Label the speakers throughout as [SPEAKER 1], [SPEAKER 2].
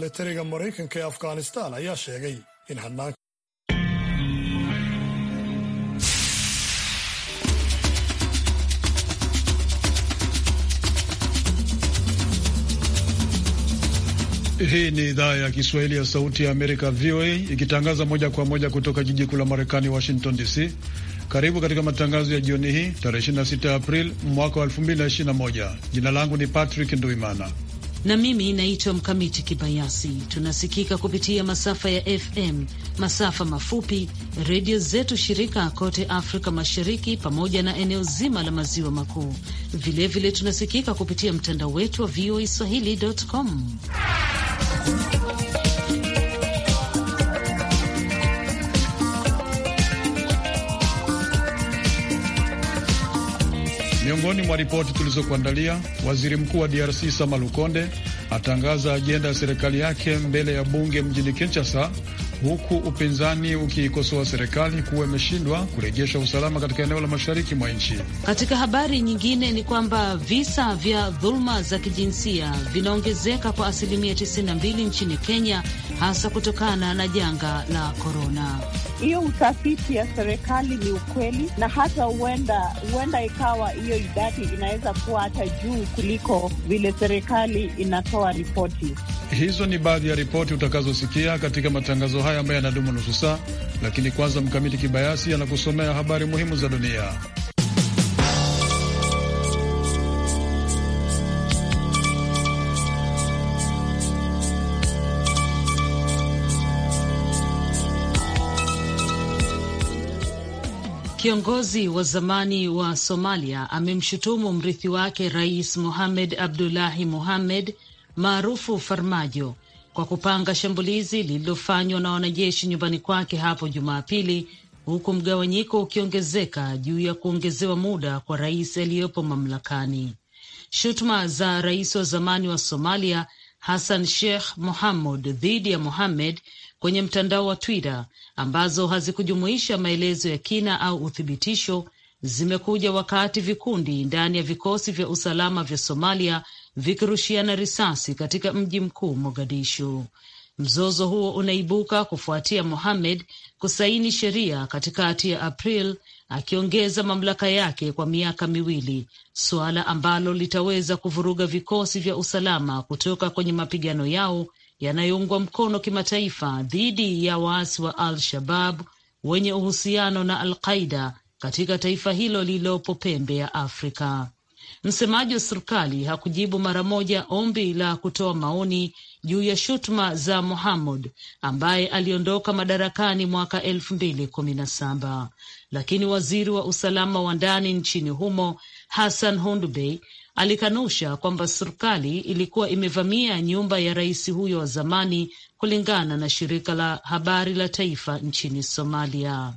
[SPEAKER 1] militariga Maraykanka ee Afghanistan ayaa sheegay in hanaan Hii ni idhaa ya Kiswahili ya Sauti ya Amerika, VOA, ikitangaza moja kwa moja kutoka jiji kuu la Marekani, Washington DC. Karibu katika matangazo ya jioni hii tarehe 26 April mwaka wa 2021. Jina langu ni Patrick Nduimana
[SPEAKER 2] na mimi naitwa Mkamiti Kibayasi. Tunasikika kupitia masafa ya FM, masafa mafupi, redio zetu shirika kote Afrika Mashariki pamoja na eneo zima la maziwa makuu. Vilevile tunasikika kupitia mtandao wetu wa VOA swahili.com
[SPEAKER 1] Miongoni mwa ripoti tulizokuandalia, waziri mkuu wa DRC Sama Lukonde atangaza ajenda ya serikali yake mbele ya bunge mjini Kinshasa, huku upinzani ukiikosoa serikali kuwa imeshindwa kurejesha usalama katika eneo la mashariki mwa nchi.
[SPEAKER 2] Katika habari nyingine ni kwamba visa vya dhuluma za kijinsia vinaongezeka kwa asilimia 92 nchini Kenya hasa kutokana na janga la korona. Hiyo utafiti
[SPEAKER 3] ya serikali ni ukweli, na hata huenda huenda ikawa hiyo idadi inaweza kuwa hata juu kuliko vile serikali inatoa ripoti.
[SPEAKER 1] Hizo ni baadhi ya ripoti utakazosikia katika matangazo haya ambayo yanadumu nusu saa, lakini kwanza Mkamiti Kibayasi anakusomea habari muhimu za dunia.
[SPEAKER 2] Kiongozi wa zamani wa Somalia amemshutumu mrithi wake Rais Mohamed Abdullahi Mohamed maarufu Farmajo kwa kupanga shambulizi lililofanywa na wanajeshi nyumbani kwake hapo Jumapili, huku mgawanyiko ukiongezeka juu ya kuongezewa muda kwa rais aliyepo mamlakani. Shutuma za rais wa zamani wa Somalia Hassan Sheikh Mohamud dhidi ya Mohamed kwenye mtandao wa Twitter ambazo hazikujumuisha maelezo ya kina au uthibitisho zimekuja wakati vikundi ndani ya vikosi vya usalama vya Somalia vikirushiana risasi katika mji mkuu Mogadishu. Mzozo huo unaibuka kufuatia Mohamed kusaini sheria katikati ya April akiongeza mamlaka yake kwa miaka miwili, suala ambalo litaweza kuvuruga vikosi vya usalama kutoka kwenye mapigano yao yanayoungwa mkono kimataifa dhidi ya waasi wa Al-Shabab wenye uhusiano na Al-Qaida katika taifa hilo lililopo pembe ya Afrika. Msemaji wa serikali hakujibu mara moja ombi la kutoa maoni juu ya shutuma za muhamud ambaye aliondoka madarakani mwaka elfu mbili kumi na saba, lakini waziri wa usalama wa ndani nchini humo Hassan Hundubey alikanusha kwamba serikali ilikuwa imevamia nyumba ya rais huyo wa zamani, kulingana na shirika la habari la taifa nchini Somalia.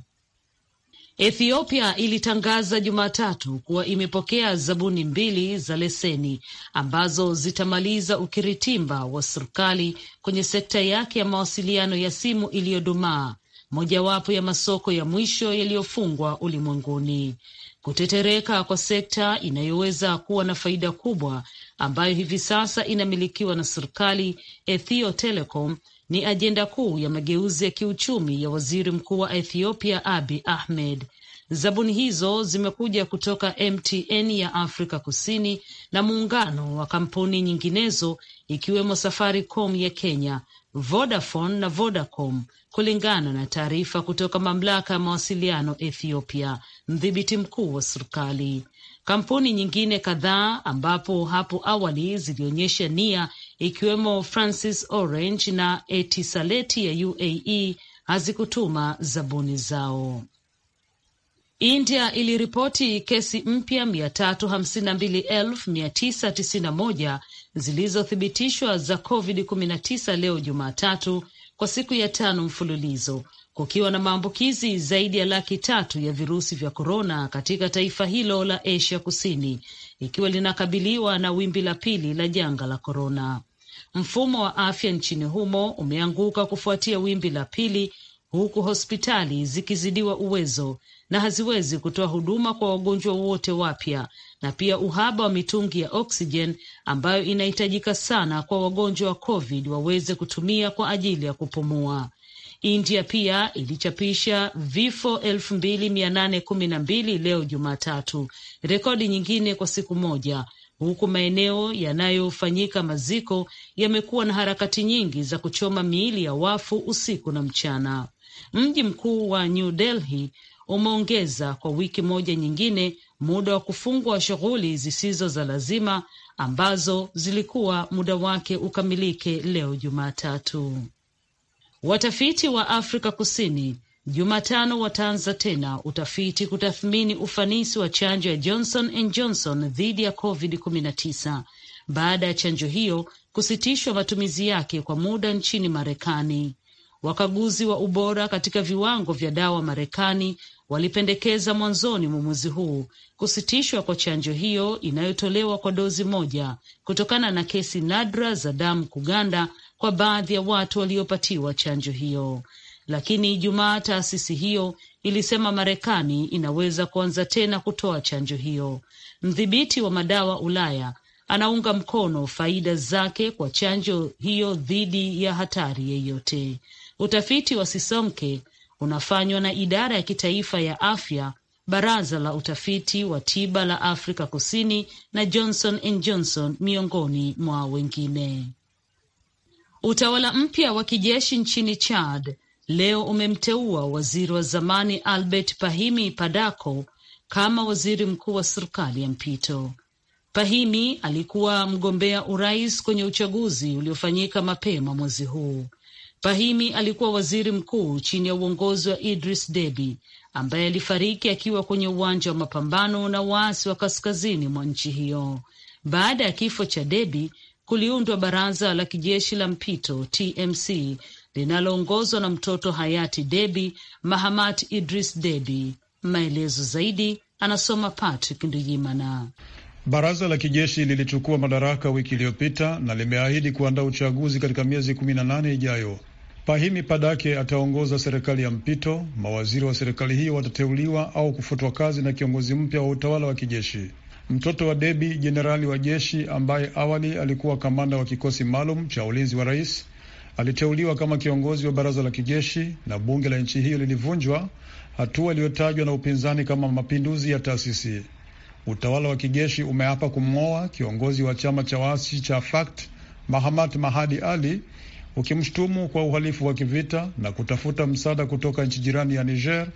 [SPEAKER 2] Ethiopia ilitangaza Jumatatu kuwa imepokea zabuni mbili za leseni ambazo zitamaliza ukiritimba wa serikali kwenye sekta yake ya mawasiliano ya simu iliyodumaa, mojawapo ya masoko ya mwisho yaliyofungwa ulimwenguni kutetereka kwa sekta inayoweza kuwa na faida kubwa ambayo hivi sasa inamilikiwa na serikali, Ethio Telecom, ni ajenda kuu ya mageuzi ya kiuchumi ya waziri mkuu wa Ethiopia abi Ahmed. Zabuni hizo zimekuja kutoka MTN ya Afrika Kusini na muungano wa kampuni nyinginezo ikiwemo Safaricom ya Kenya Vodafone na Vodacom, kulingana na taarifa kutoka mamlaka ya mawasiliano Ethiopia, mdhibiti mkuu wa serikali. Kampuni nyingine kadhaa ambapo hapo awali zilionyesha nia, ikiwemo Francis Orange na Etisalat ya UAE hazikutuma zabuni zao. India iliripoti kesi mpya 352,991 zilizothibitishwa za COVID-19 leo Jumatatu kwa siku ya tano mfululizo kukiwa na maambukizi zaidi ya laki tatu ya virusi vya korona katika taifa hilo la Asia Kusini, ikiwa linakabiliwa na wimbi la pili la janga la korona. Mfumo wa afya nchini humo umeanguka kufuatia wimbi la pili huku hospitali zikizidiwa uwezo na haziwezi kutoa huduma kwa wagonjwa wote wapya, na pia uhaba wa mitungi ya oksijen ambayo inahitajika sana kwa wagonjwa wa COVID waweze kutumia kwa ajili ya kupumua. India pia ilichapisha vifo elfu mbili mia nane kumi na mbili leo Jumatatu, rekodi nyingine kwa siku moja, huku maeneo yanayofanyika maziko yamekuwa na harakati nyingi za kuchoma miili ya wafu usiku na mchana. Mji mkuu wa New Delhi umeongeza kwa wiki moja nyingine muda wa kufungwa shughuli zisizo za lazima ambazo zilikuwa muda wake ukamilike leo Jumatatu. Watafiti wa Afrika Kusini Jumatano wataanza tena utafiti kutathmini ufanisi wa chanjo ya Johnson and Johnson dhidi ya COVID-19 baada ya chanjo hiyo kusitishwa matumizi yake kwa muda nchini Marekani. Wakaguzi wa ubora katika viwango vya dawa Marekani walipendekeza mwanzoni mwa mwezi huu kusitishwa kwa chanjo hiyo inayotolewa kwa dozi moja kutokana na kesi nadra za damu kuganda kwa baadhi ya watu waliopatiwa chanjo hiyo. Lakini Ijumaa taasisi hiyo ilisema Marekani inaweza kuanza tena kutoa chanjo hiyo. Mdhibiti wa madawa Ulaya anaunga mkono faida zake kwa chanjo hiyo dhidi ya hatari yeyote. Utafiti wa Sisomke unafanywa na idara ya kitaifa ya afya, baraza la utafiti wa tiba la Afrika Kusini na Johnson and Johnson miongoni mwa wengine. Utawala mpya wa kijeshi nchini Chad leo umemteua waziri wa zamani Albert Pahimi Padako kama waziri mkuu wa serikali ya mpito. Pahimi alikuwa mgombea urais kwenye uchaguzi uliofanyika mapema mwezi huu. Fahimi alikuwa waziri mkuu chini ya uongozi wa Idris Deby ambaye alifariki akiwa kwenye uwanja wa mapambano na waasi wa kaskazini mwa nchi hiyo. Baada ya kifo cha Deby kuliundwa baraza la kijeshi la mpito TMC linaloongozwa na mtoto hayati Deby, Mahamat Idris Deby. Maelezo zaidi anasoma Patrick Nduyimana.
[SPEAKER 1] Baraza la kijeshi lilichukua madaraka wiki iliyopita na limeahidi kuandaa uchaguzi katika miezi kumi na nane ijayo pahimi Padake ataongoza serikali ya mpito. Mawaziri wa serikali hiyo watateuliwa au kufutwa kazi na kiongozi mpya wa utawala wa kijeshi. Mtoto wa Debi, jenerali wa jeshi ambaye awali alikuwa kamanda wa kikosi maalum cha ulinzi wa rais, aliteuliwa kama kiongozi wa baraza la kijeshi na bunge la nchi hiyo lilivunjwa, hatua iliyotajwa na upinzani kama mapinduzi ya taasisi. Utawala wa kijeshi umeapa kumng'oa kiongozi wa chama cha waasi cha FACT Mahamat Mahadi Ali ukimshutumu kwa uhalifu wa kivita na kutafuta msaada kutoka nchi jirani ya Niger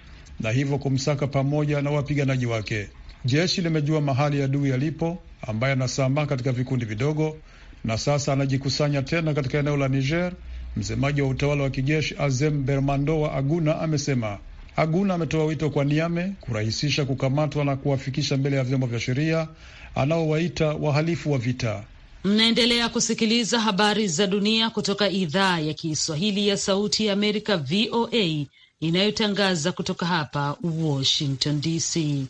[SPEAKER 1] na hivyo kumsaka pamoja na wapiganaji wake. Jeshi limejua mahali adui yalipo, ambaye anasambaa katika vikundi vidogo na sasa anajikusanya tena katika eneo la Niger. Msemaji wa utawala wa kijeshi Azem Bermando wa Aguna amesema. Aguna ametoa wito kwa Niame kurahisisha kukamatwa na kuwafikisha mbele ya vyombo vya sheria anaowaita wahalifu wa vita.
[SPEAKER 2] Mnaendelea kusikiliza habari za dunia kutoka idhaa ya Kiswahili ya Sauti ya Amerika, VOA, inayotangaza kutoka hapa Washington DC.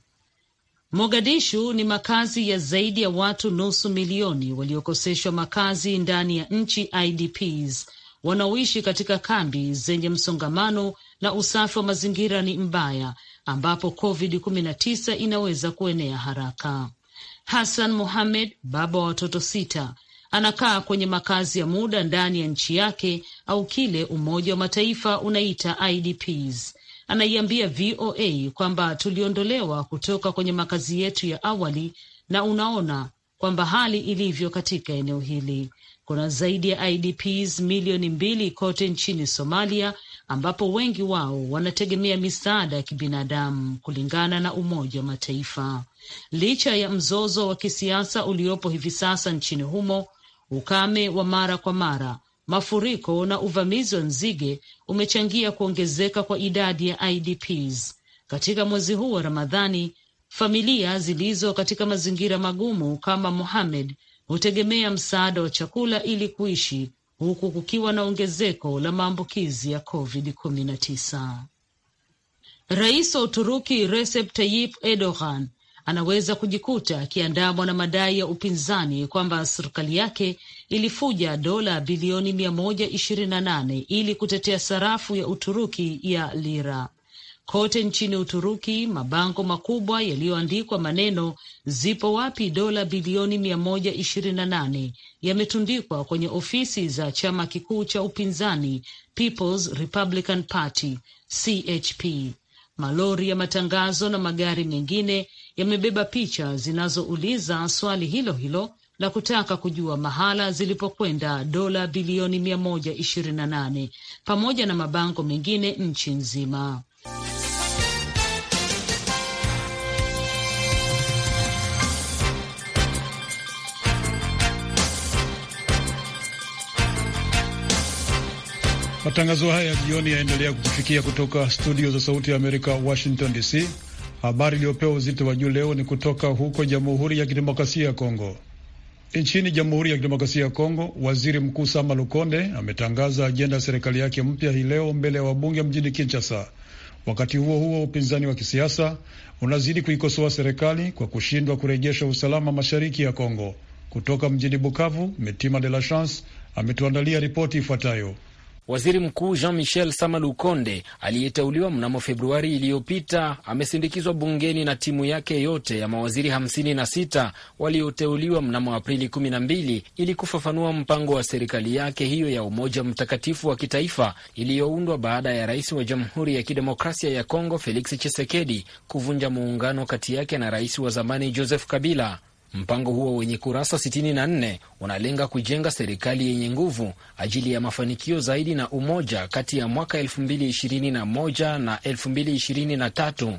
[SPEAKER 2] Mogadishu ni makazi ya zaidi ya watu nusu milioni waliokoseshwa makazi ndani ya nchi, IDPs, wanaoishi katika kambi zenye msongamano na usafi wa mazingira ni mbaya, ambapo COVID-19 inaweza kuenea haraka. Hassan Mohamed, baba wa watoto sita, anakaa kwenye makazi ya muda ndani ya nchi yake au kile Umoja wa Mataifa unaita IDPs. Anaiambia VOA kwamba tuliondolewa kutoka kwenye makazi yetu ya awali na unaona kwamba hali ilivyo katika eneo hili. Kuna zaidi ya IDPs milioni mbili kote nchini Somalia, ambapo wengi wao wanategemea misaada ya kibinadamu kulingana na Umoja wa Mataifa. Licha ya mzozo wa kisiasa uliopo hivi sasa nchini humo, ukame wa mara kwa mara, mafuriko na uvamizi wa nzige umechangia kuongezeka kwa idadi ya IDPs. Katika mwezi huu wa Ramadhani, familia zilizo katika mazingira magumu kama Mohamed hutegemea msaada wa chakula ili kuishi, huku kukiwa na ongezeko la maambukizi ya COVID-19. Rais wa Uturuki Recep Tayyip Erdogan anaweza kujikuta akiandamwa na madai ya upinzani kwamba serikali yake ilifuja dola bilioni 128 ili kutetea sarafu ya Uturuki ya lira. Kote nchini Uturuki, mabango makubwa yaliyoandikwa maneno zipo wapi dola bilioni 128 yametundikwa kwenye ofisi za chama kikuu cha upinzani People's Republican Party, CHP. Malori ya matangazo na magari mengine yamebeba picha zinazouliza swali hilo hilo la kutaka kujua mahala zilipokwenda dola bilioni 128 pamoja na mabango mengine nchi nzima.
[SPEAKER 1] Matangazo haya jioni yaendelea kukufikia kutoka studio za Sauti ya Amerika, Washington DC. Habari iliyopewa uzito wa juu leo ni kutoka huko Jamhuri ya Kidemokrasia ya Kongo. Nchini Jamhuri ya Kidemokrasia ya Kongo, waziri mkuu Sama Lukonde ametangaza ajenda ya serikali yake mpya hii leo mbele ya wabunge mjini Kinshasa. Wakati huo huo, upinzani wa kisiasa unazidi kuikosoa serikali kwa kushindwa kurejesha usalama mashariki ya Kongo. Kutoka mjini Bukavu, Mitima de la Chance ametuandalia ripoti ifuatayo.
[SPEAKER 4] Waziri Mkuu Jean Michel Sama
[SPEAKER 1] Lukonde aliyeteuliwa mnamo Februari iliyopita
[SPEAKER 4] amesindikizwa bungeni na timu yake yote ya mawaziri 56 walioteuliwa mnamo Aprili 12 ili kufafanua mpango wa serikali yake hiyo ya Umoja Mtakatifu wa Kitaifa iliyoundwa baada ya rais wa Jamhuri ya Kidemokrasia ya Kongo Felix Tshisekedi kuvunja muungano kati yake na rais wa zamani Joseph Kabila. Mpango huo wenye kurasa 64 unalenga kujenga serikali yenye nguvu ajili ya mafanikio zaidi na umoja kati ya mwaka 2021 na 2023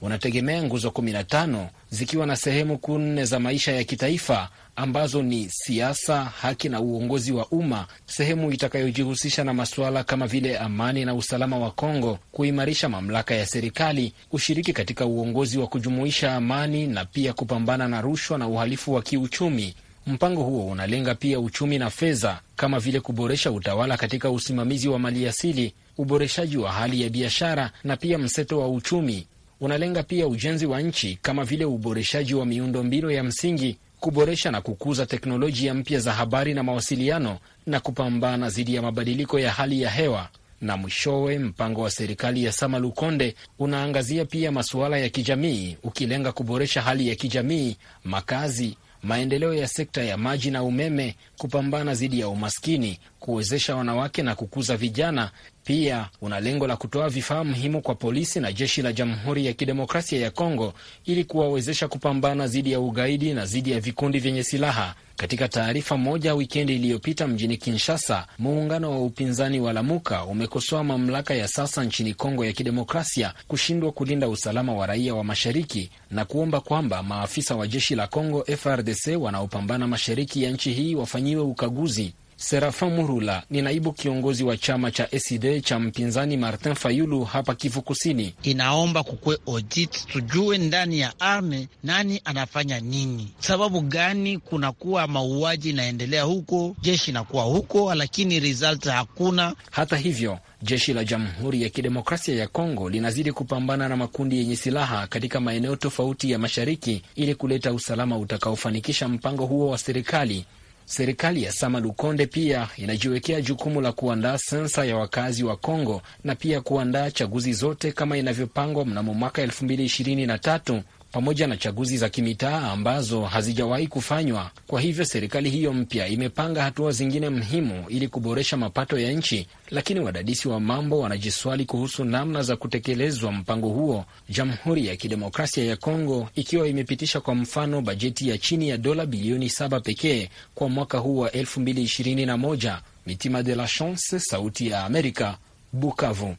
[SPEAKER 4] wanategemea nguzo 15 zikiwa na sehemu kuu nne za maisha ya kitaifa ambazo ni siasa, haki na uongozi wa umma, sehemu itakayojihusisha na masuala kama vile amani na usalama wa Kongo, kuimarisha mamlaka ya serikali, ushiriki katika uongozi wa kujumuisha amani na pia kupambana na rushwa na uhalifu wa kiuchumi. Mpango huo unalenga pia uchumi na fedha kama vile kuboresha utawala katika usimamizi wa maliasili, uboreshaji wa hali ya biashara na pia mseto wa uchumi unalenga pia ujenzi wa nchi kama vile uboreshaji wa miundombinu ya msingi, kuboresha na kukuza teknolojia mpya za habari na mawasiliano, na kupambana dhidi ya mabadiliko ya hali ya hewa. Na mwishowe, mpango wa serikali ya Sama Lukonde unaangazia pia masuala ya kijamii, ukilenga kuboresha hali ya kijamii, makazi maendeleo ya sekta ya maji na umeme, kupambana dhidi ya umaskini, kuwezesha wanawake na kukuza vijana. Pia una lengo la kutoa vifaa muhimu kwa polisi na jeshi la Jamhuri ya Kidemokrasia ya Kongo ili kuwawezesha kupambana dhidi ya ugaidi na dhidi ya vikundi vyenye silaha. Katika taarifa moja wikendi iliyopita mjini Kinshasa, muungano wa upinzani wa Lamuka umekosoa mamlaka ya sasa nchini Kongo ya Kidemokrasia kushindwa kulinda usalama wa raia wa mashariki na kuomba kwamba maafisa wa jeshi la Kongo frdc wanaopambana mashariki ya nchi hii wafanyiwe ukaguzi. Serafa Murula ni naibu kiongozi wa chama cha SID cha mpinzani Martin Fayulu hapa Kivu Kusini. Inaomba kukwe
[SPEAKER 5] audit, tujue ndani ya arme nani anafanya nini, sababu gani kunakuwa mauaji inaendelea huko, jeshi inakuwa huko, lakini result hakuna.
[SPEAKER 4] Hata hivyo jeshi la Jamhuri ya Kidemokrasia ya Kongo linazidi kupambana na makundi yenye silaha katika maeneo tofauti ya mashariki ili kuleta usalama utakaofanikisha mpango huo wa serikali Serikali ya Sama Lukonde pia inajiwekea jukumu la kuandaa sensa ya wakazi wa Kongo na pia kuandaa chaguzi zote kama inavyopangwa mnamo mwaka elfu mbili ishirini na tatu pamoja na chaguzi za kimitaa ambazo hazijawahi kufanywa. Kwa hivyo serikali hiyo mpya imepanga hatua zingine muhimu ili kuboresha mapato ya nchi, lakini wadadisi wa mambo wanajiswali kuhusu namna za kutekelezwa mpango huo, Jamhuri ya Kidemokrasia ya Kongo ikiwa imepitisha kwa mfano bajeti ya chini ya dola bilioni saba pekee kwa mwaka huu wa 2021. Mitima de la Chance, Sauti ya Amerika, Bukavu.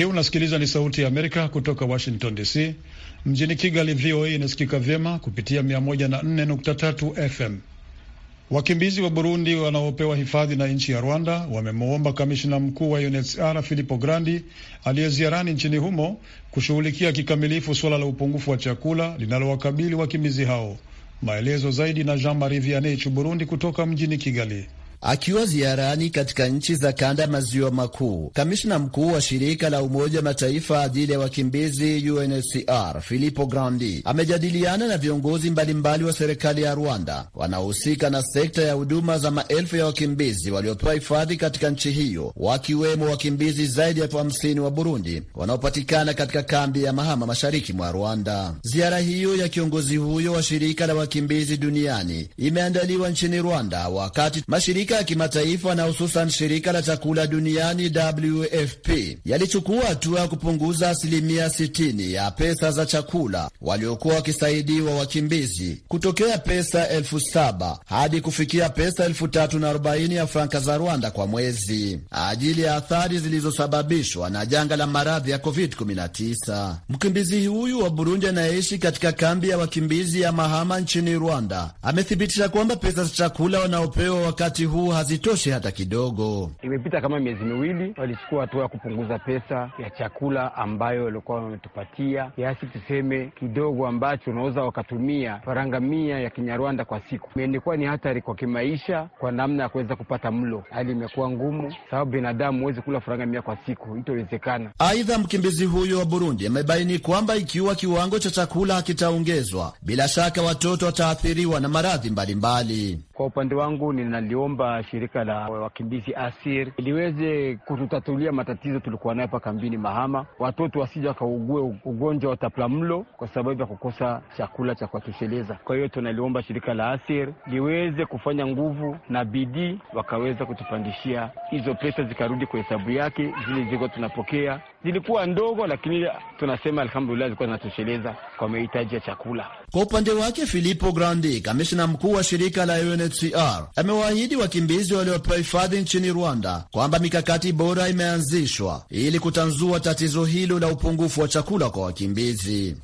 [SPEAKER 1] Hii unasikiliza ni Sauti ya Amerika kutoka Washington DC. Mjini Kigali, VOA inasikika vyema kupitia 104.3 FM. Wakimbizi wa Burundi wanaopewa hifadhi na nchi ya Rwanda wamemwomba kamishina mkuu wa UNHCR Filippo Grandi aliyeziarani nchini humo kushughulikia kikamilifu suala la upungufu wa chakula linalowakabili wakimbizi hao. Maelezo zaidi na Jean Marie Vianney Burundi kutoka mjini Kigali. Akiwa ziarani katika nchi za kanda maziwa makuu, kamishna mkuu
[SPEAKER 6] wa shirika la Umoja Mataifa ajili ya wakimbizi UNHCR Filippo Grandi amejadiliana na viongozi mbalimbali wa serikali ya Rwanda wanaohusika na sekta ya huduma za maelfu ya wakimbizi waliopewa hifadhi katika nchi hiyo, wakiwemo wakimbizi zaidi ya elfu hamsini wa Burundi wanaopatikana katika kambi ya Mahama mashariki mwa Rwanda. Ziara hiyo ya kiongozi huyo wa shirika la wakimbizi duniani imeandaliwa nchini Rwanda wakati mashirika mashirika ya kimataifa na hususan shirika la chakula duniani WFP yalichukua hatua ya kupunguza asilimia 60 ya pesa za chakula waliokuwa wakisaidiwa wakimbizi kutokea pesa elfu saba hadi kufikia pesa elfu tatu na arobaini ya franka za Rwanda kwa mwezi ajili ya athari zilizosababishwa na janga la maradhi ya COVID-19. Mkimbizi huyu wa Burundi anayeishi katika kambi ya wakimbizi ya Mahama nchini Rwanda amethibitisha kwamba pesa za chakula wanaopewa wakati huu huu hazitoshi hata kidogo.
[SPEAKER 4] Imepita kama miezi miwili, walichukua hatua ya kupunguza pesa ya chakula ambayo walikuwa wametupatia, kiasi tuseme kidogo ambacho unaweza wakatumia faranga mia ya Kinyarwanda kwa siku. Imekuwa ni hatari kwa kimaisha, kwa namna ya kuweza kupata mlo. Hali imekuwa ngumu, sababu binadamu huwezi kula faranga mia kwa siku, itowezekana
[SPEAKER 6] Aidha, mkimbizi huyo wa Burundi amebaini kwamba ikiwa kiwango cha chakula hakitaongezwa, bila shaka watoto wataathiriwa na maradhi mbalimbali. Kwa upande wangu
[SPEAKER 4] ninaliomba shirika la wakimbizi ASIR liweze kututatulia matatizo tulikuwa nayo hapa kambini Mahama, watoto wasija wakaugue ugonjwa wa tapiamlo kwa sababu ya kukosa chakula cha kuwatosheleza. Kwa hiyo tunaliomba shirika la ASIR liweze kufanya nguvu na bidii, wakaweza kutupandishia hizo pesa zikarudi kwa hesabu yake. Zile zilikuwa tunapokea zilikuwa ndogo, lakini tunasema alhamdulillah, zilikuwa zinatosheleza kwa mahitaji ya
[SPEAKER 6] chakula. Kwa upande wake Filipo Grandi, kamishna mkuu wa shirika la UN UNHCR amewaahidi wakimbizi waliopewa hifadhi nchini Rwanda kwamba mikakati bora imeanzishwa ili kutanzua tatizo hilo la upungufu wa chakula kwa wakimbizi.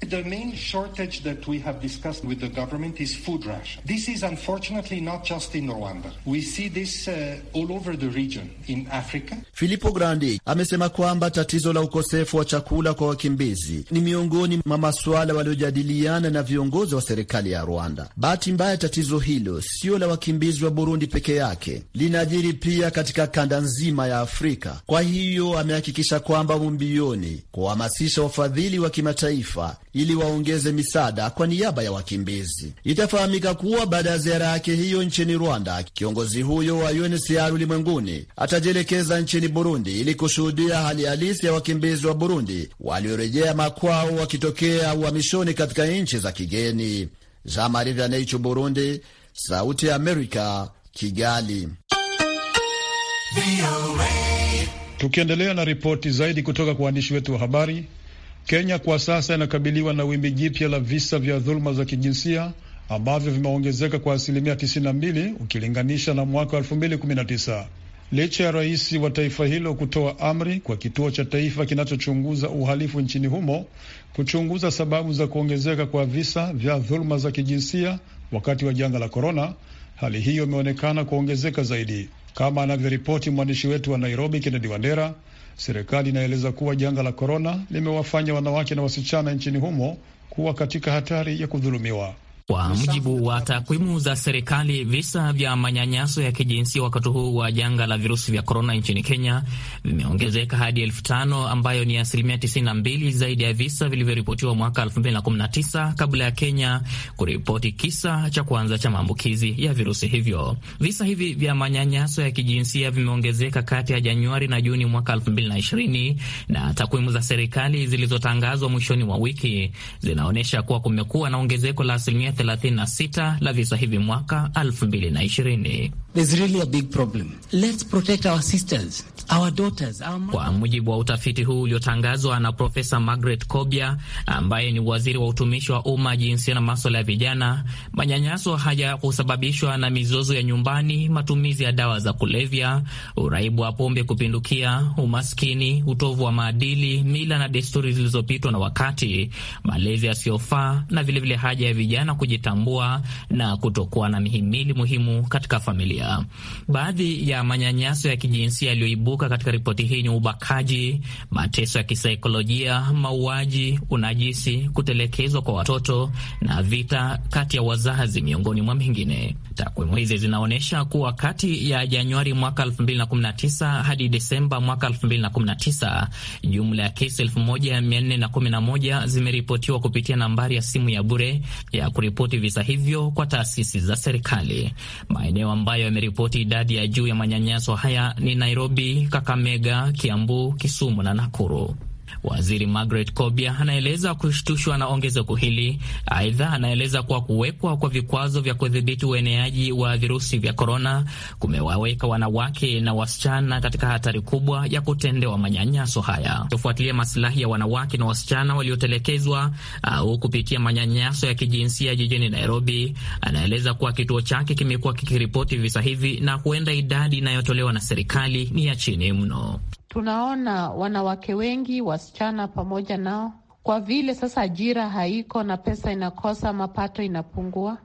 [SPEAKER 1] Filippo Grandi amesema kwamba
[SPEAKER 6] tatizo la ukosefu wa chakula kwa wakimbizi ni miongoni mwa masuala waliojadiliana na viongozi wa serikali ya Rwanda. Bahati mbaya, tatizo hilo sio la wakimbizi wa Burundi peke yake, linajiri pia katika kanda nzima ya Afrika. Kwa hiyo amehakikisha kwamba mumbioni kuhamasisha wafadhili wa kimataifa ili waongeze misaada kwa niaba ya wakimbizi. Itafahamika kuwa baada ya ziara yake hiyo nchini Rwanda, kiongozi huyo wa UNHCR ulimwenguni atajielekeza nchini Burundi ili kushuhudia hali halisi ya wakimbizi wa Burundi waliorejea makwao wakitokea uhamishoni katika nchi za kigeni. Jean Marie Vianney, Burundi. Sauti ya Amerika, Kigali.
[SPEAKER 1] Tukiendelea na ripoti zaidi kutoka kwa waandishi wetu wa habari, Kenya kwa sasa inakabiliwa na wimbi jipya la visa vya dhuluma za kijinsia ambavyo vimeongezeka kwa asilimia 92 ukilinganisha na mwaka wa 2019 licha ya rais wa taifa hilo kutoa amri kwa kituo cha taifa kinachochunguza uhalifu nchini humo kuchunguza sababu za kuongezeka kwa visa vya dhuluma za kijinsia Wakati wa janga la korona, hali hiyo imeonekana kuongezeka zaidi, kama anavyoripoti mwandishi wetu wa Nairobi, Kennedy Wandera. Serikali inaeleza kuwa janga la korona limewafanya wanawake na wasichana nchini humo kuwa katika hatari ya kudhulumiwa. Kwa mujibu
[SPEAKER 3] wa takwimu za serikali, visa vya manyanyaso ya kijinsia wakati huu wa janga la virusi vya korona nchini Kenya vimeongezeka hadi elfu tano ambayo ni asilimia 92 zaidi ya visa vilivyoripotiwa mwaka 2019 kabla ya Kenya kuripoti kisa cha kwanza cha maambukizi ya virusi hivyo. Visa hivi vya manyanyaso ya kijinsia vimeongezeka kati ya Januari na Juni mwaka 2020 na takwimu za serikali zilizotangazwa mwishoni mwa wiki zinaonyesha kuwa kumekuwa na ongezeko la asilimia 36 la visa hivi mwaka 2020.
[SPEAKER 4] Really a big Let's our sisters, our daughters, our
[SPEAKER 3] kwa mujibu wa utafiti huu uliotangazwa na Profesa Margaret Kobia ambaye ni waziri wa utumishi wa umma, jinsia na maswala ya vijana, manyanyaso kusababishwa na mizozo ya nyumbani, matumizi ya dawa za kulevya, uraibu wa pombe kupindukia, umaskini, utovu wa maadili, mila na desturi zilizopitwa na wakati, malezi yasiyofaa na vilevile haja ya vijana kujitambua na kutokuwa na mihimili muhimu katika familia. Baadhi ya manyanyaso ya kijinsia yaliyoibuka katika ripoti hii ni ubakaji, mateso ya kisaikolojia, mauaji, unajisi, kutelekezwa kwa watoto na vita kati ya wazazi, miongoni mwa mengine. Takwimu hizi zinaonyesha kuwa kati ya Januari mwaka 2019 hadi Desemba mwaka 2019 jumla ya kesi 1411 zimeripotiwa kupitia nambari ya simu ya bure ya kuripoti visa hivyo kwa taasisi za serikali. Maeneo ambayo yameripoti idadi ya juu ya manyanyaso haya ni Nairobi, Kakamega, Kiambu, Kisumu na Nakuru. Waziri Margaret Kobia anaeleza kushtushwa na ongezeko hili. Aidha, anaeleza kuwa kuwekwa kwa vikwazo vya kudhibiti ueneaji wa virusi vya korona kumewaweka wanawake na wasichana katika hatari kubwa ya kutendewa manyanyaso haya. Kufuatilia masilahi ya wanawake na wasichana waliotelekezwa au kupitia manyanyaso ya kijinsia jijini Nairobi, anaeleza kuwa kituo chake kimekuwa kikiripoti visa hivi na huenda idadi inayotolewa na serikali ni ya chini mno
[SPEAKER 2] tunaona wanawake wengi, wasichana pamoja nao, kwa vile sasa ajira haiko na pesa inakosa, mapato inapungua,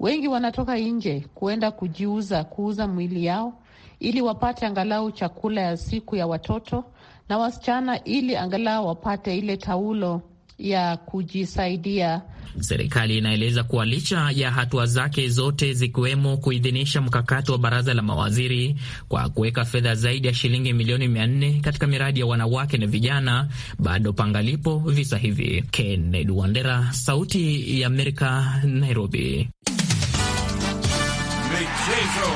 [SPEAKER 2] wengi wanatoka nje kuenda kujiuza, kuuza mwili yao ili wapate angalau chakula ya siku ya watoto na wasichana, ili angalau wapate ile taulo ya kujisaidia
[SPEAKER 3] Serikali inaeleza kuwa licha ya hatua zake zote zikiwemo kuidhinisha mkakati wa baraza la mawaziri kwa kuweka fedha zaidi ya shilingi milioni mia nne katika miradi ya wanawake na vijana, bado pangalipo visa hivi. Kenneth Wandera, Sauti ya Amerika, Nairobi.
[SPEAKER 7] Michezo.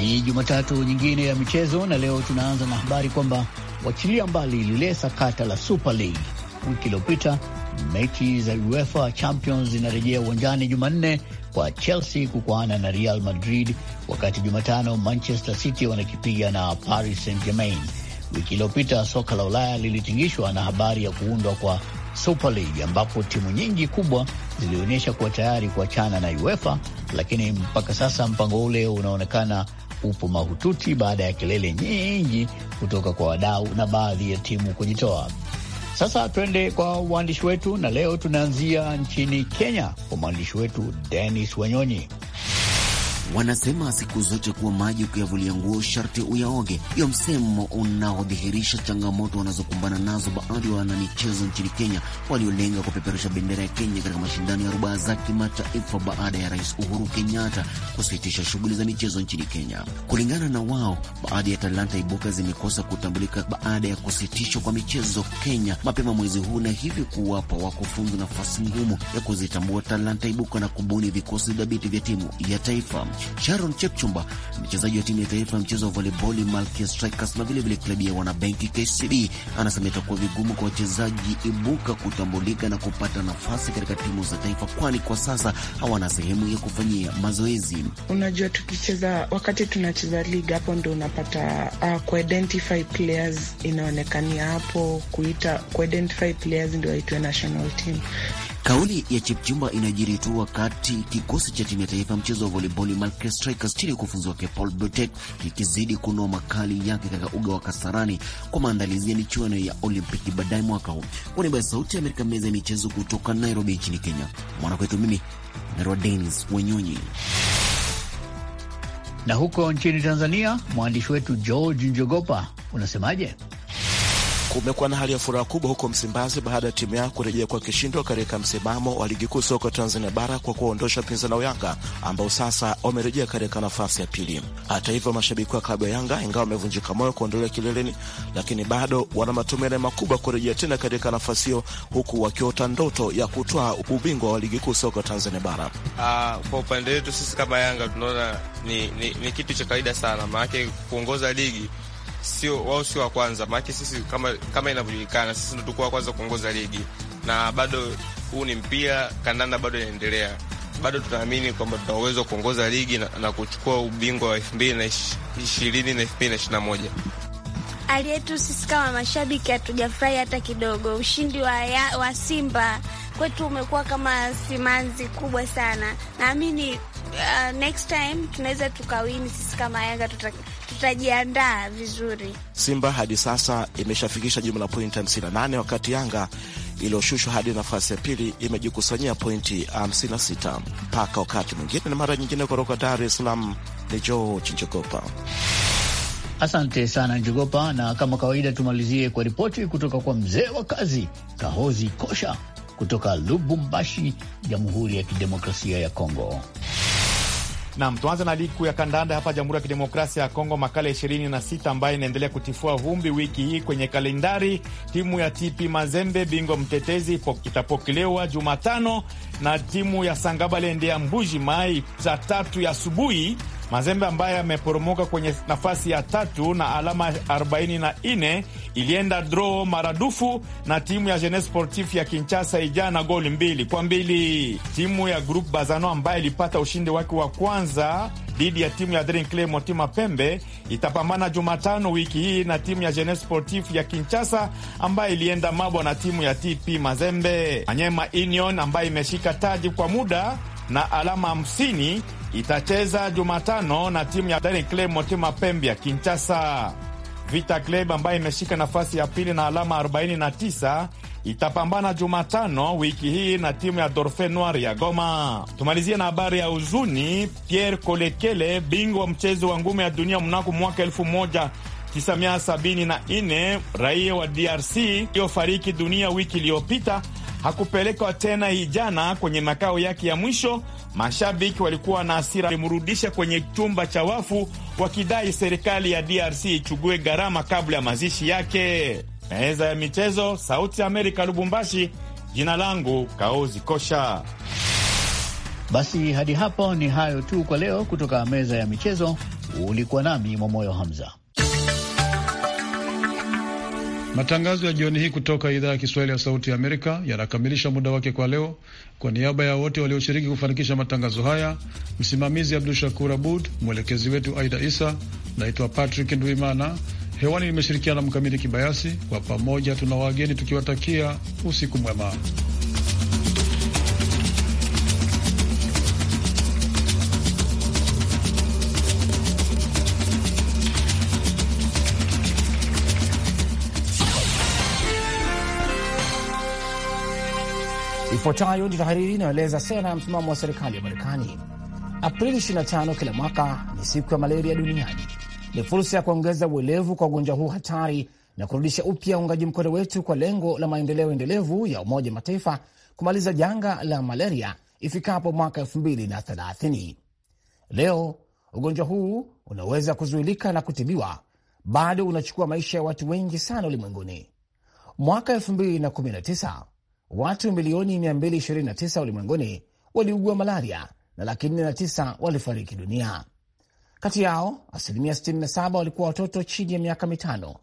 [SPEAKER 7] Ni Jumatatu nyingine ya michezo na leo tunaanza na habari kwamba kuachilia mbali lile sakata la Super League. Wiki iliyopita mechi za UEFA Champions zinarejea uwanjani Jumanne kwa Chelsea kukuana na Real Madrid, wakati Jumatano Manchester City wanakipiga na Paris Saint Germain. Wiki iliyopita soka la Ulaya lilitingishwa na habari ya kuundwa kwa Super League ambapo timu nyingi kubwa zilionyesha kuwa tayari kuachana na UEFA, lakini mpaka sasa mpango ule unaonekana upo mahututi baada ya kelele nyingi kutoka kwa wadau na baadhi ya timu kujitoa. Sasa twende kwa uandishi wetu, na leo tunaanzia nchini
[SPEAKER 8] Kenya kwa mwandishi wetu Denis Wanyonyi. Wanasema siku zote kuwa maji ukiyavulia nguo sharti uyaoge. Hiyo msemo unaodhihirisha changamoto wanazokumbana nazo baadhi ya wanamichezo nchini Kenya waliolenga kupeperusha bendera ya Kenya katika mashindano ya rubaa za kimataifa baada ya Rais Uhuru Kenyatta kusitisha shughuli za michezo nchini Kenya. Kulingana na wao, baadhi ya talanta ibuka zimekosa kutambulika baada ya kusitishwa kwa michezo Kenya mapema mwezi huu, na hivyo kuwapa wakufunzi nafasi ngumu ya kuzitambua talanta ibuka na kubuni vikosi dhabiti vya timu ya taifa. Sharon Chepchumba, mchezaji wa timu ya taifa ya mchezo wa volleyball Malkia Strikers na vilevile klabu ya wanabenki KCB, anasema itakuwa vigumu kwa wachezaji ibuka kutambulika na kupata nafasi katika timu za taifa, kwani kwa sasa hawana sehemu ya kufanyia mazoezi. Unajua, tukicheza wakati tunacheza liga hapo ndo unapata uh, kuidentify players inaonekania hapo, kuita kuidentify players ndio aitwe national team Kauli ya chipchumba inajiri tu wakati kikosi cha timu ya taifa mchezo wa volleyball Malkia Strikers chini ya kufunzi wake Paul Butet kikizidi kunoa makali yake katika uga wa Kasarani kwa maandalizi ya michuano ya Olimpiki baadaye mwaka huu. Kwa niaba ya Sauti ya Amerika, meza ya michezo kutoka Nairobi nchini Kenya, mwanakwetu mimi Merwa Denis Wenyonyi. Na
[SPEAKER 7] huko nchini Tanzania, mwandishi wetu George Njogopa, unasemaje?
[SPEAKER 8] Kumekuwa na hali ya furaha kubwa huko Msimbazi baada ya timu yao kurejea kwa kishindo katika msimamo wa ligi kuu soka Tanzania bara kwa kuwaondosha pinzani wa Yanga ambao sasa wamerejea katika nafasi ya pili. Hata hivyo, mashabiki wa klabu ya Yanga ingawa wamevunjika moyo kuondolewa kileleni, lakini bado wana matumaini makubwa kurejea tena katika nafasi hiyo, huku wakiota ndoto ya kutoa ubingwa wa ligi kuu soka Tanzania bara.
[SPEAKER 9] Uh, kwa upande wetu sisi kama Yanga tunaona ni, ni, ni kitu cha kawaida sana, maanake kuongoza ligi sio wao, sio wa kwanza, maana sisi kama, kama inavyojulikana sisi ndo tukuwa wa kwanza kuongoza ligi, na bado huu ni mpira kandanda, bado inaendelea, bado tunaamini kwamba tuna uwezo wa kuongoza ligi na, na kuchukua ubingwa wa elfu mbili na ishirini na elfu mbili na ishirini na moja.
[SPEAKER 2] Hali yetu sisi kama mashabiki hatujafurahi hata kidogo. Ushindi wa, ya, wa Simba kwetu umekuwa kama simanzi kubwa sana. Naamini uh, next time tunaweza tukawini sisi kama Yanga tutajiandaa vizuri.
[SPEAKER 8] Simba hadi sasa imeshafikisha jumla pointi 58 wakati Yanga iliyoshushwa hadi nafasi ya pili imejikusanyia pointi 56. Mpaka wakati mwingine na mara nyingine, kutoka Dar es Salaam ni George Njogopa.
[SPEAKER 7] Asante sana Njogopa, na kama kawaida tumalizie kwa ripoti kutoka kwa mzee wa kazi Kahozi Kosha kutoka Lubumbashi, Jamhuri ya Kidemokrasia ya Kongo.
[SPEAKER 9] Nam, tuanze na ligi kuu ya kandanda hapa Jamhuri ya Kidemokrasia ya Kongo, makala 26 ambayo inaendelea kutifua vumbi wiki hii kwenye kalendari. Timu ya TP Mazembe, bingwa mtetezi, itapokelewa Jumatano na timu ya sangabalende ya Mbuji Mai saa tatu ya asubuhi Mazembe ambaye ameporomoka kwenye nafasi ya tatu na alama 44 ilienda draw maradufu na timu ya Jeunesse Sportif ya Kinshasa ijana goli mbili kwa mbili. Timu ya Group Bazano ambaye ilipata ushindi wake wa kwanza dhidi ya timu ya Drink Clay Motema Pembe itapambana Jumatano wiki hii na timu ya Jeunesse Sportif ya Kinshasa ambayo ilienda mabwa na timu ya TP Mazembe. Manyema Union ambaye imeshika taji kwa muda na alama 50 itacheza Jumatano na timu ya Daring Club Motema Pembe ya Kinshasa. Vita Club ambayo imeshika nafasi ya pili na alama 49 itapambana Jumatano wiki hii na timu ya Dorfe Noir ya Goma. Tumalizie na habari ya huzuni. Pierre Kolekele, bingwa mchezo wa ngumi ya dunia mnako mwaka 974 raia wa DRC iliyofariki dunia wiki iliyopita hakupelekwa tena hii jana kwenye makao yake ya mwisho Mashabiki walikuwa na hasira, walimrudisha kwenye chumba cha wafu wakidai serikali ya DRC ichugue gharama kabla ya mazishi yake. Meza ya michezo, Sauti ya Amerika, Lubumbashi. Jina langu Kaozi Kosha.
[SPEAKER 7] Basi hadi hapo ni hayo tu kwa leo, kutoka meza ya michezo. Ulikuwa nami Mwamoyo Hamza.
[SPEAKER 1] Matangazo ya jioni hii kutoka idhaa ya Kiswahili ya Sauti ya Amerika yanakamilisha muda wake kwa leo. Kwa niaba ya wote walioshiriki kufanikisha matangazo haya, msimamizi Abdu Shakur Abud, mwelekezi wetu Aida Isa, naitwa Patrick Ndwimana hewani nimeshirikiana Mkamiti Kibayasi. Kwa pamoja tuna wageni tukiwatakia usiku mwema.
[SPEAKER 5] Ifuatayo ni tahariri inayoeleza sera ya msimamo wa serikali ya Marekani. Aprili 25 kila mwaka ni siku ya malaria duniani. Ni fursa ya kuongeza uelevu kwa ugonjwa huu hatari na kurudisha upya uungaji mkono wetu kwa lengo la maendeleo endelevu ya Umoja Mataifa kumaliza janga la malaria ifikapo mwaka 2030. Leo ugonjwa huu unaweza kuzuilika na kutibiwa, bado unachukua maisha ya watu wengi sana ulimwenguni. Mwaka watu milioni 229 ulimwenguni waliugua malaria na laki 49 walifariki dunia. Kati yao asilimia 67 walikuwa watoto chini ya miaka mitano.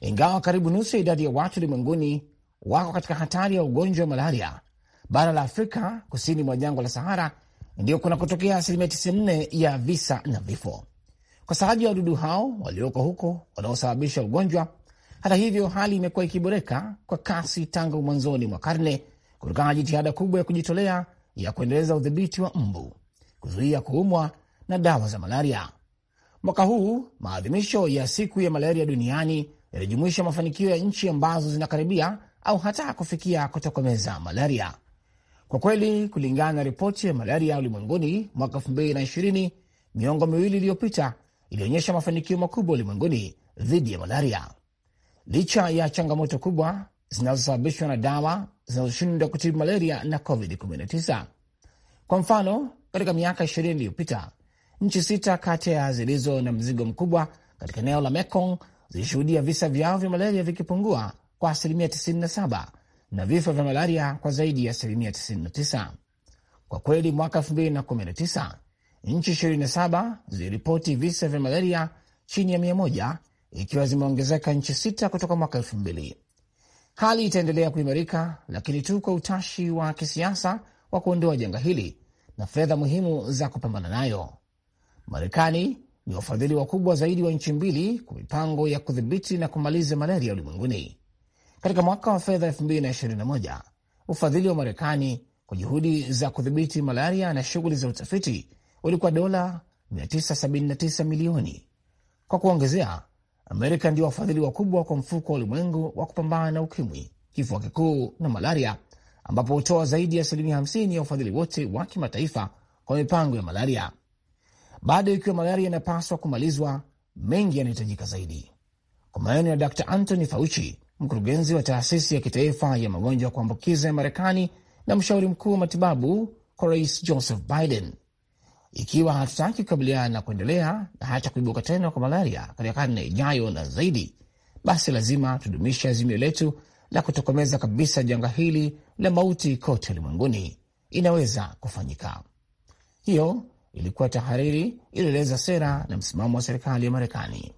[SPEAKER 5] Ingawa karibu nusu ya idadi ya watu ulimwenguni wako katika hatari ya ugonjwa wa malaria, bara la Afrika kusini mwa jangwa la Sahara ndio kuna kutokea asilimia 94 ya visa na vifo. Kwa sababu ya wadudu hao walioko huko wanaosababisha ugonjwa hata hivyo, hali imekuwa ikiboreka kwa kasi tangu mwanzoni mwa karne kutokana na jitihada kubwa ya kujitolea ya kuendeleza udhibiti wa mbu, kuzuia kuumwa na dawa za malaria. Mwaka huu maadhimisho ya siku ya malaria duniani yalijumuisha mafanikio ya nchi ambazo zinakaribia au hata kufikia kutokomeza malaria. Kwa kweli, kulingana na ripoti ya malaria ulimwenguni mwaka 2020, miongo miwili iliyopita ilionyesha mafanikio makubwa ulimwenguni dhidi ya malaria licha ya changamoto kubwa zinazosababishwa na dawa zinazoshindwa kutibu malaria na COVID-19. Kwa mfano, katika miaka ishirini iliyopita nchi sita kati ya zilizo na mzigo mkubwa katika eneo la Mekong zilishuhudia visa vyao vya malaria vikipungua kwa asilimia 97 na vifo vya malaria kwa zaidi ya asilimia 99. Kwa kweli, mwaka 2019 nchi 27 ziliripoti visa vya malaria chini ya 100 ikiwa zimeongezeka nchi sita kutoka mwaka elfu mbili. Hali itaendelea kuimarika, lakini tu kwa utashi wa kisiasa wa kuondoa janga hili na fedha muhimu za kupambana nayo. Marekani ni wafadhili wakubwa zaidi wa nchi mbili kwa mipango ya kudhibiti na kumaliza malaria ulimwenguni. Katika mwaka wa fedha 2021 ufadhili wa Marekani kwa juhudi za kudhibiti malaria na shughuli za utafiti ulikuwa dola 979 milioni. Kwa kuongezea, Amerika ndio wafadhili wakubwa kwa mfuko wa ulimwengu wa kupambana na ukimwi, kifua kikuu na malaria, ambapo hutoa zaidi ya asilimia 50 ya ufadhili wote wa kimataifa kwa mipango ya malaria. Bado ikiwa malaria inapaswa kumalizwa, mengi yanahitajika zaidi. Kwa maneno ya Dr Anthony Fauci, mkurugenzi wa taasisi ya kitaifa ya magonjwa ya kuambukiza ya Marekani na mshauri mkuu wa matibabu kwa Rais Joseph Biden, ikiwa hatutaki kukabiliana na kuendelea na hata kuibuka tena kwa malaria katika karne ijayo na zaidi, basi lazima tudumishe azimio letu la kutokomeza kabisa janga hili la mauti kote ulimwenguni. Inaweza kufanyika. Hiyo ilikuwa tahariri ilieleza sera na msimamo wa serikali ya Marekani.